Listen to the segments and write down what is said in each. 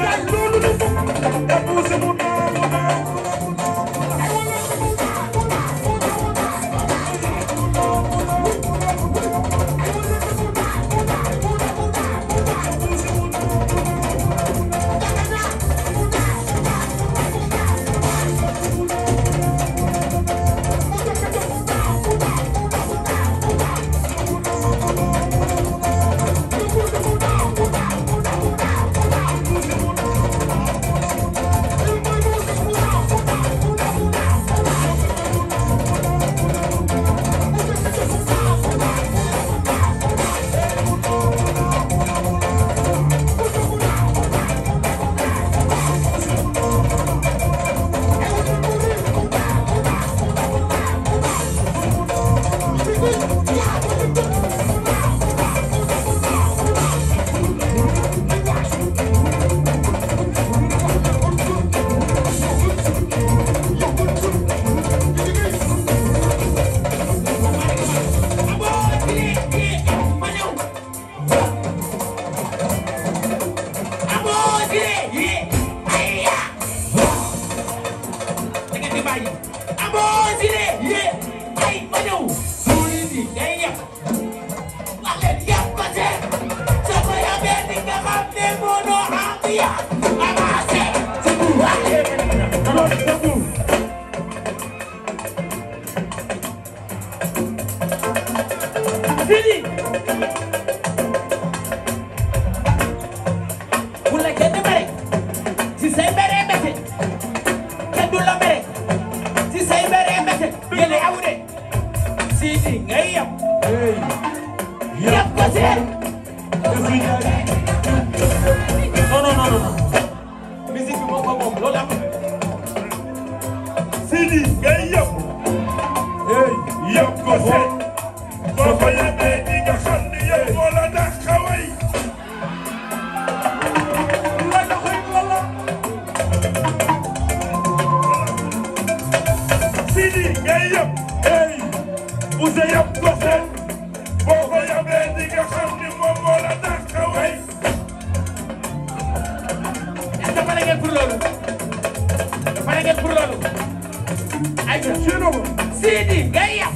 Hallelujah. fini bu la kenn mere si say meree métti kenn du la si say meree métti yéen a aw de si si ngay yab ko si non non non non ko si di ngay yab yab ko si sa yab ko seen boo ko yabee di nga xam ni moom moo la dàq way. est-ce que pare ngeen pour loolu. pare ngeen pour loolu. ayca Sidi Gaye.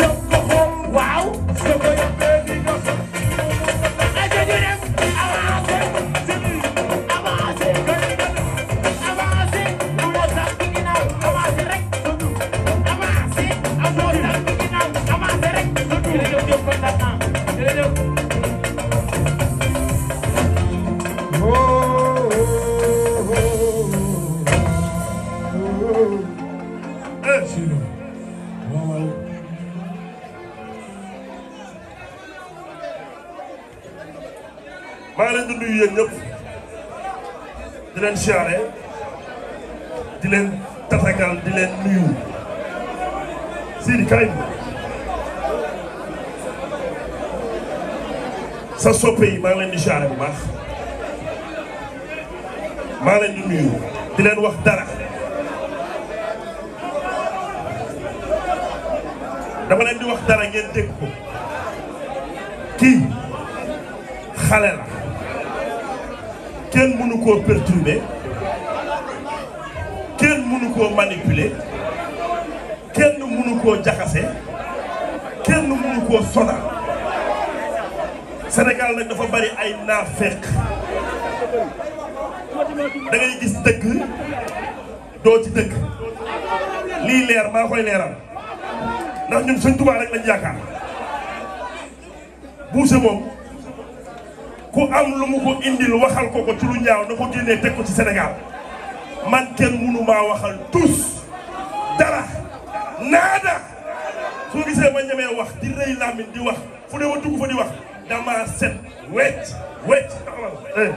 yab ko xool waaw. maa ngi leen di nuyu yéen ñëpp di leen siyaare di leen nuyu Sidi Karim sa soppe yi maa ngi leen di siyaare bu baax maa leen nuyu di leen wax dara dama leen di wax dara ngeen dégg ko kii xale la kenn mënu koo perturber kenn mënu koo kenn mënu koo jaxase kenn mënu koo Sénégal nag dafa bari ay naafeq da ngay gis dëgg doo ci dëgg lii leer maa koy leeral ndax ñun Sëñ Tuubaa rek lañ yaakaar moom. ku am lu mu ko indil waxal ko ko ci lu ñaaw na ko génnee teg ko ci Sénégal man kenn mënu maa waxal tous dara naada soo gisee ma ñemee wax di rëy làmmiñ di wax fu ne ma fa di wax dama set wecc wecc eh,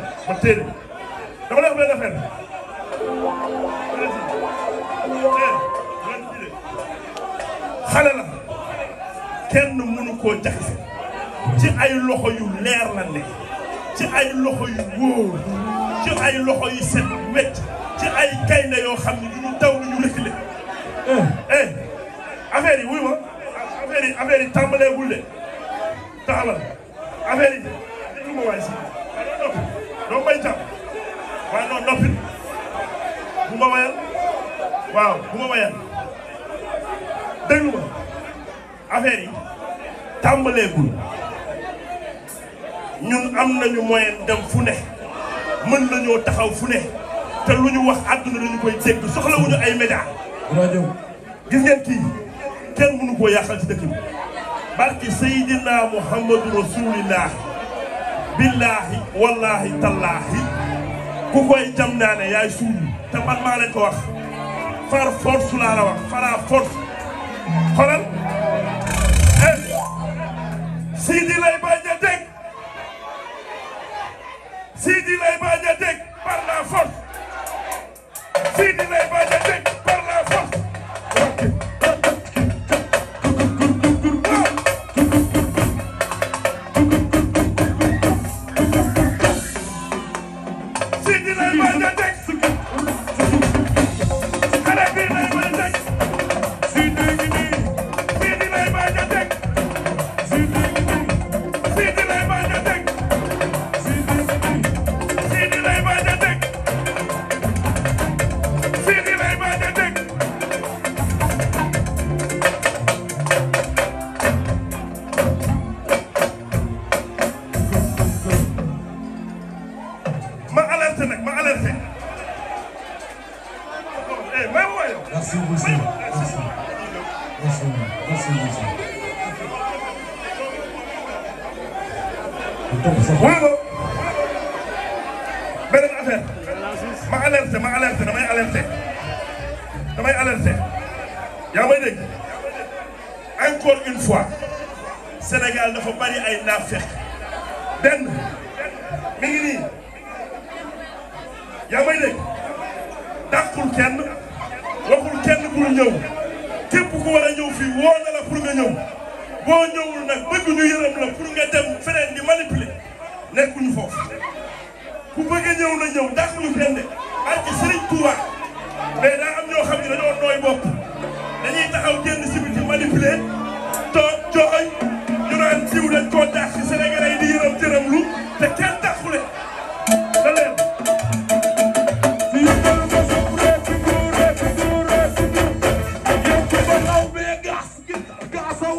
ma kenn mënu koo jaxase ci ay loxo yu leer la ne ci ay loxo yu wóor ci ay loxo yu set wecc ci ay gaynde yoo xam ne duñu daw duñu reculer eh, eh affaire yi wuy ma affaire yi affaire yi tàmbalee wulle taxawal affaire yi si waaye may tam waaye noonu waaw bu ma mayal déglu ma affaire yi tàmbaleegul ñun am nañu moyen dem fu ne mën nañoo taxaw fu ne te lu ñu wax àdduna dañu koy dégg soxlawuñu ay média rajo gis ngeen kii kenn mënu koo yàqal si dëkk bi barki Seydina Muhammadu Rasulillah billahi wallahi tallahi ku koy jam naa ne yaay suul te man maa leen ko wax far force laa wax fara force xoolal eh. Sidi lay bañ Sidi Laye Badia teg par la force Sidi Laye Badia wuy ma beneen affaire ma alerté ma alerté damay alerté damay alerté yaa may dégg encore une fois Sénégal dafa bari ay naafeq benn mi ngi nii yaa may dégg dàqul kenn waxul kenn pour ñëw képp ku war a ñëw woo na la pour nga ñëw. boo ñëwul nag bëgg ñu yërëm la pour nga dem feneen di manipuler nekkuñu foofu ku bëgg a ñëw na ñëw dàq ñu kenn de barke Serigne Touba mais daa am ñoo xam ne dañoo nooy bopp.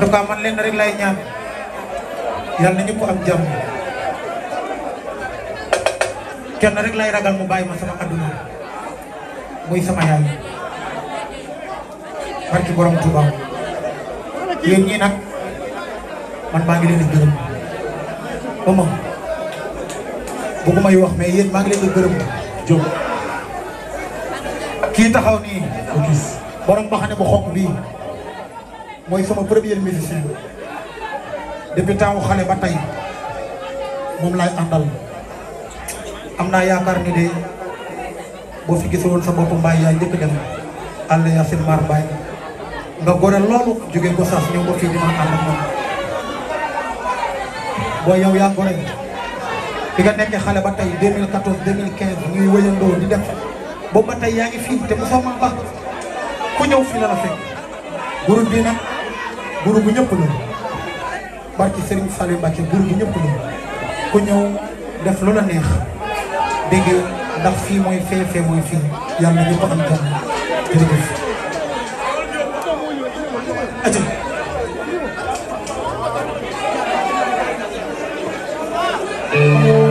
en man leen rek lay ñaan yal na ñëpp am jàmm kenn rek lay ragal mu bàyyi ma sama adduna muy sama yaay barki borom Touba yéen ñii nag man maa ngi leen di gërëm ba yu wax mais yéen maa ngi leen di jóg kii taxaw nii ko gis borom ba xam bu xonk bii mooy sama première musicien depuis temps wu xale ba tey moom laay àndal am naa yaakaar ni de boo fi gisoon sa bopp mbaay yaay njëkk dem àll Yacine Mar Mbaye nga gore loolu jóge Gossas ñëw ba fii dina ànd ak moom boo yow yaa gore bi nga nekkee xale ba tey 2014 2015 ñuy wëyandoo di def boobu ba tey yaa ngi fii te mosoo ma ku ñëw fii la la fekk groupe bi nag guru bu ñëpp la barki Serigne Saliou Mbacké guru bu ñëpp la ku ñëw def lu la neex dégg ndax fii mooy fee fee mooy fii yàlla na ñëpp am jàmm jërëjëf aja Thank you.